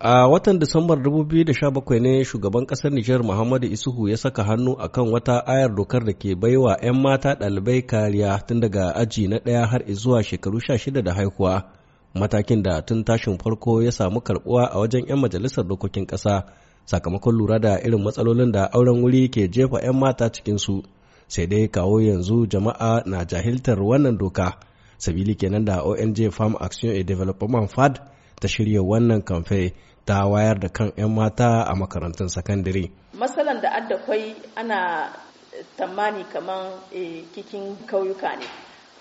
A watan Disambar 2017 ne shugaban ƙasar Nijar Muhammadu Isuhu ya saka hannu a kan wata ayar dokar da ke baiwa 'yan mata ɗalibai kariya tun daga aji na ɗaya har zuwa shekaru 16 da haihuwa. Matakin da tun tashin farko ya samu karbuwa a wajen 'yan majalisar dokokin ƙasa sakamakon lura da irin matsalolin da auren wuri ke jefa 'yan mata cikinsu. Sai dai kawo yanzu jama'a na jahiltar wannan doka. Sabili kenan da ONG Farm Action and Development FAD ta shirya wannan kamfe ta wayar da kan 'yan mata a makarantun sakandare. Matsalan da addakwai ana tamani kamar kikin eh, kauyuka ne.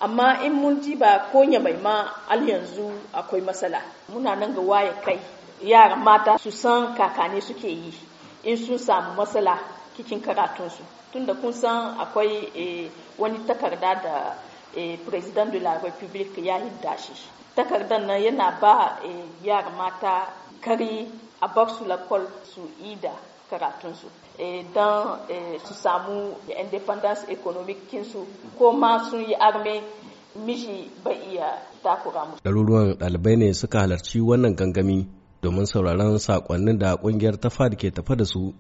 Amma in mun ji ba konya mai ma al yanzu akwai matsala. Muna nan ga waye kai yara mata su san kakane suke yi in sun samu matsala kikin karatunsu. Tunda kun san akwai eh, wani takarda da eh, president de la republique ya hidda shi takardar nan yana ba eh, yara mata kari a bar su lakol su ida karatunsu eh, don eh, su samu independence economic kinsu ko ma sun yi arme miji bai iya takura musu. Ɗaruruwan ɗalibai ne suka halarci wannan gangami domin sauraron saƙonnin da ƙungiyar tafa da ke tafa da su.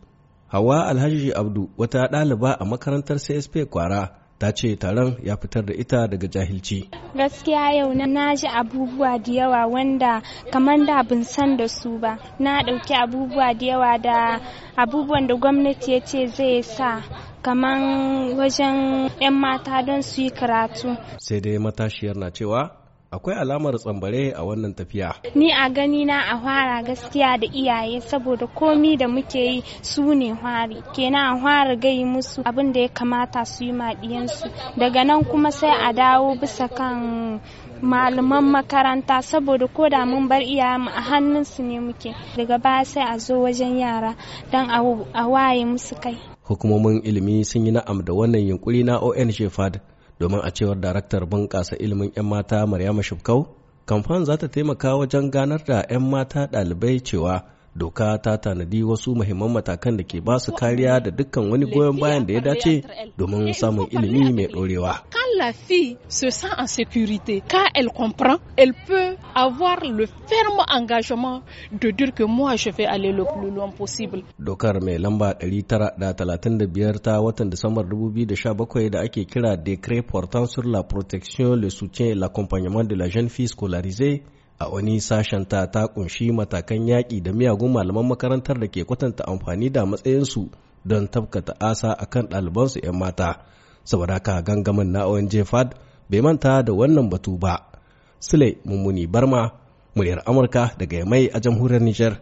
Hawa Alhaji Abdu wata ɗaliba a makarantar CSP Kwara ta ce taron ya fitar da ita daga jahilci. Gaskiya yau na ji abubuwa da yawa wanda kamar da bin san da su ba. Na ɗauki abubuwa da yawa da abubuwan da gwamnati ya ce zai sa kamar wajen 'yan mata don su yi karatu. Sai dai matashiyar na cewa akwai alamar tsambare a wannan tafiya. Ni a gani na a fara gaskiya da iyaye saboda komi da muke yi su ne hwari. Kenan a fara gai musu abin da ya kamata su yi maɗiyansu. Daga nan kuma sai a dawo bisa kan malaman makaranta saboda ko da mun bar iyayen a hannunsu ne muke. Daga baya sai a zo wajen yara don a waye musu kai. Hukumomin ilimi sun yi na'am da wannan yunkuri na ON shefad domin a cewar daraktar bunƙasa ilimin 'yan mata Maryama Shubkau, kamfan za ta taimaka wajen ganar da 'yan mata ɗalibai cewa doka ta tanadi wasu muhimman matakan da ke ba su kariya da dukkan wani goyon bayan da ya dace domin samun ilimi mai ɗorewa. la fille se sent en sécurité, quand elle comprend, elle peut avoir le ferme engagement de dire que moi je vais aller le plus loin possible. Dokar mai lamba 935 ta watan Disambar 2017 da ake kira Décret portant sur la protection, le soutien et l'accompagnement de la jeune fille scolarisée a wani sashen ta ta kunshi matakan yaƙi da miyagun malaman makarantar da ke kwatanta amfani da matsayinsu don tabkata asa a kan ɗalibansu 'yan mata saboda haka gangamin na ONG FAD bai manta da wannan batu ba. Sule Mummuni Barma, muryar Amurka daga mai a jamhuriyar Nijar.